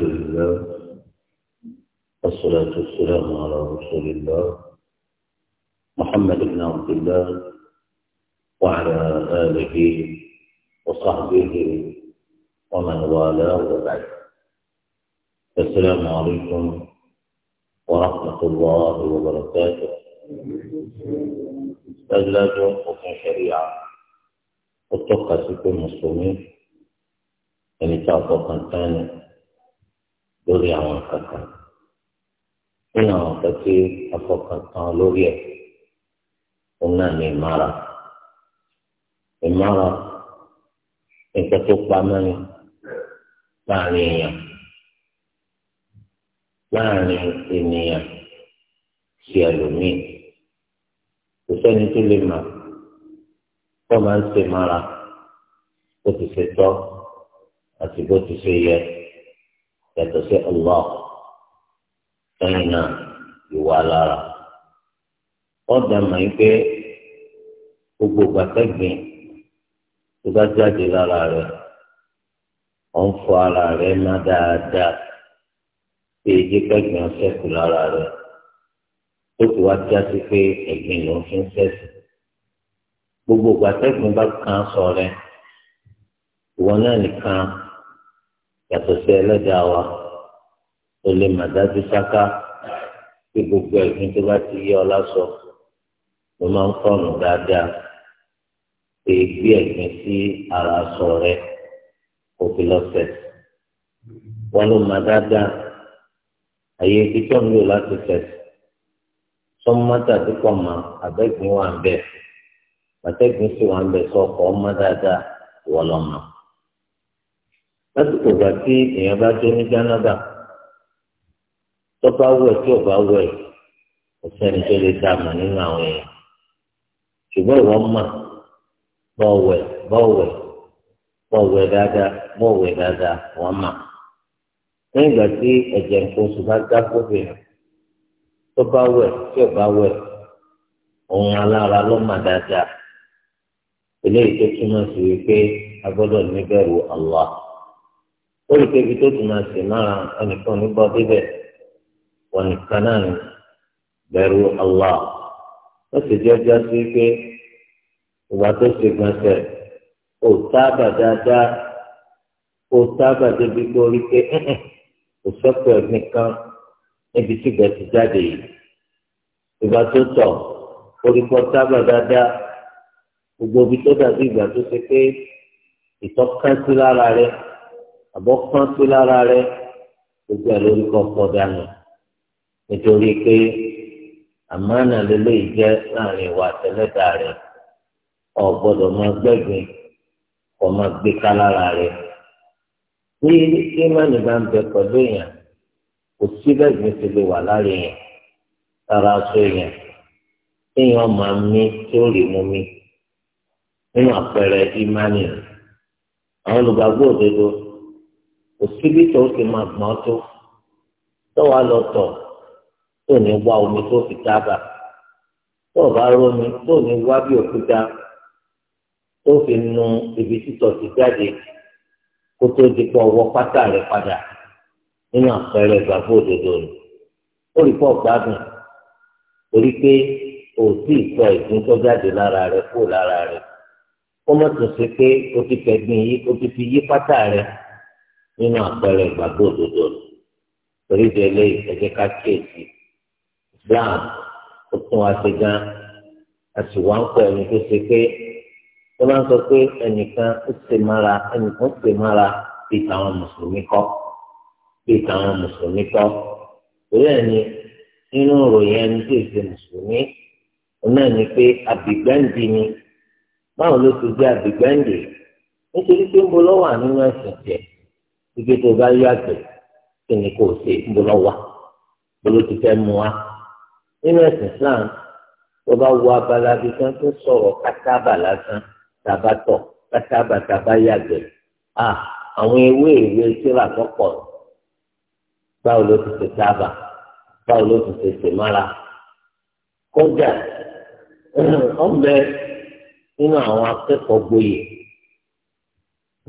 الحمد لله والصلاة والسلام على رسول الله محمد بن عبد الله وعلى آله وصحبه ومن والاه وبعد السلام عليكم ورحمة الله وبركاته أجلاد وحكم شريعة وتقى سكون مسلمين يعني تعطى ثاني lórí àwọn nǹkan kan nínú àwọn nǹkan tí afọkàntán lórí ẹ̀ òun náà ní ìmára ìmára nǹkan tó pa mẹ́rin láàrin èèyàn láàrin ènìyàn sí ẹlòmíì kò sẹ́ni tó lè mà tó máa ń ṣe mára bó ti ṣe tọ́ àti bó ti ṣe yẹ yàtọ̀ sí Allah lẹ́yìn náà ìwà lára ọ̀dà mọ̀ yìí pé gbogbo gbàtẹ́gbìn tó bá jáde lára rẹ̀ ọ̀ ń fọ ara rẹ̀ má dáadáa pé jíkẹ́gbìn ọ̀sẹ̀ kù lára rẹ̀ tó kù wá jásí pé ẹ̀gbìn ló ń fi ń sẹ́sì gbogbo gbàtẹ́gbìn bá kàn sọ rẹ̀ ìwọ náà nìkan yàtọ̀ sí ẹlẹ́dàá wa o lè mà dájú sáká pé gbogbo ẹ̀gbin tó bá ti yé ọ lásọ ló máa ń kọ̀nù dáadáa pé gbé ẹ̀gbin sí ara aṣọ rẹ kò fi lọ sẹ̀ wọn ló mà dáadáa àyè ibi tó ń lò láti sẹ̀ sọ́mọ́tà tó kọ̀ mọ́ abẹ́gbin wà ń bẹ̀ àtẹ́gbin sì wà ń bẹ̀ sọ́kọ̀ ọmọ dáadáa wọ́n lọ́mọ́. lásìkò ìgbà tí èèyàn bá jẹ́ ní gánádà tó bá wẹ̀ tí ò wẹ̀ kò sẹ́ni tó lè dá mọ̀ nínú àwọn èèyàn ṣùgbọ́n ìwọ mọ̀ bọ́wẹ̀ bọ́wẹ̀ bọ́wẹ̀ dáadáa bọ́wẹ̀ dáadáa wọ́n mọ̀ lẹ́yìn ìgbà tí ẹ̀jẹ̀ nǹkan oṣù bá dá wẹ̀ tí ó rí pé ibi tó ti máa sì mára ẹnìkan nígbà débẹ̀ wọn nìkan náà ni bẹ̀rù Allah ó sì jẹ́ já sí pé ìwà tó ṣe gbọ̀nsẹ̀ ó tábà dáadáa ó tábà débi pé ó rí pé kò sọ́pọ̀ nìkan níbi tí ìgbà ti jáde yìí ìgbà tó tọ̀ ó rí pé dáadáa gbogbo ibi tó dàbí ìgbà tó ṣe pé ìtọ́kasí lára rẹ̀ àbọ̀ kán tó lára rẹ gbogbo ẹ̀ lórí kọ́ kọ́ dànù nítorí pé àmánà lélẹ́yìí jẹ́ láàrin ìwà àtẹlẹ́dà rẹ ò gbọ́dọ̀ máa gbẹ́gbìn kò máa gbé ká lára rẹ bí ìmánì bá ń bẹ pẹ̀lú èèyàn kò sí bẹ́gbìn ti lè wà lára èèyàn lára aṣọ èèyàn téèyàn máa mí tí ó rí mú mi nínú àpẹẹrẹ ìmánì àwọn olùgbàgbọ́ òdodo òsibí tó ti máa gbọ́n tó tọ́wọ́ lọ tọ̀ tó ní wá omi tó fi tábà tó bá rómi tó ní wá bí òkúta tó fi nu ibi títọ̀ ti jáde kó tó di pọ̀ wọ pátá rẹ̀ padà nínú àpẹẹrẹ ìgbàgbọ́ òdodo rẹ̀ ó rí pọ̀ gbádùn torí pé òtí ìtọ́ ìgbín jáde lára rẹ̀ kó lára rẹ̀ kó mọ̀ tó ṣe pé o ti fẹ̀gbìn yìí o ti fi yí pátá rẹ̀ nínú àpẹẹrẹ ìgbàgbọ́ òdodo torí di eléyìí ẹ jẹ́ ká kíyèsí Islam ó tún wá sí gan a sì wá ń pọ̀ ẹni tó ṣe pé ó máa ń sọ pé ẹnìkan ó ṣe mára ẹnìkan ó ṣe mára bí tàwọn mùsùlùmí kọ́ bí tàwọn mùsùlùmí kọ́ torí ẹni nínú ìròyìn ẹni tí èsè mùsùlùmí òun ni pé àbígbẹ́ǹdì ni báwo ló ti jẹ́ àbígbẹ́ǹdì nítorí pé ń bo lọ́wọ́ nínú ẹ̀sìn tiẹ̀ ike tó bá yọ àgbẹ̀ kí ni kò ṣe ńbọlọ wa bọlọ ti fẹ́ mu wa nínú ẹ̀sìn Islam tó bá wọ abala bí kan tó sọ̀rọ̀ kátábà lásán tàbá tọ̀ kátábà tàbá yàgbẹ̀ à àwọn ewé ìwé tíra tó pọ̀ báwo ló ti ṣe tábà báwo ló ti ṣe ṣèmára kódà ọ̀bẹ nínú àwọn akẹ́kọ̀ọ́ gboyè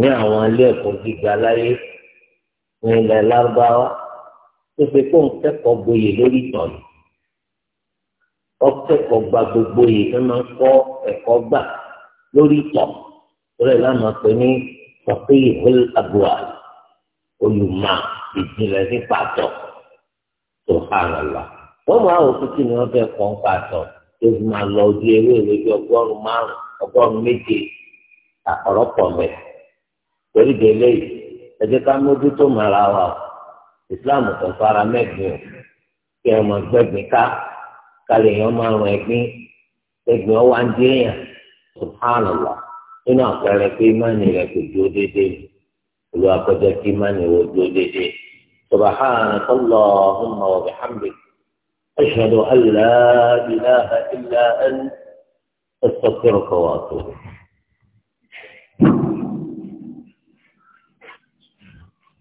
ní àwọn ilé ẹ̀kọ́ gíga láyé ní ilẹ̀ lárúbáwá tó ṣe kó ń kẹ́kọ̀ọ́ gboyè lórí ìtọ́ni ọkẹ́kọ̀ọ́ gba gbogbo yìí tó máa ń kọ́ ẹ̀kọ́ gbà lórí ìtọ́ lórí ìlànà pé ní sọ̀kéyì hol abuwa olùmọ̀ ìjìnlẹ̀ nípa àtọ̀ tó hàràlà wọ́n mú àwọn òkútù ni wọ́n fẹ́ kọ́ ń tó fi máa lọ ojú ewé ìwé ọgọ́rùn-ún márùn-ún ọgọ́rùn-ún méje àkọ́rọ́pọ̀ mẹ́rin torí délé yìí ẹ jẹ́ ká mójútó màrà wa o islam tó fara mẹ́gbin o kí ẹ mọ gbẹ́gbin ká kálí èèyàn máa rún ẹ̀gbin ẹ̀gbin ọwọ́ àǹdí èèyàn subhanallah nínú àpẹẹrẹ pé ìmánì rẹ kò dúró déédéé olùwà kọjá kí ìmánì rẹ dúró déédéé subhanaka allahumma wa bihamdi. ashhadu an la ilaha illa an astaghfiruka wa atubu.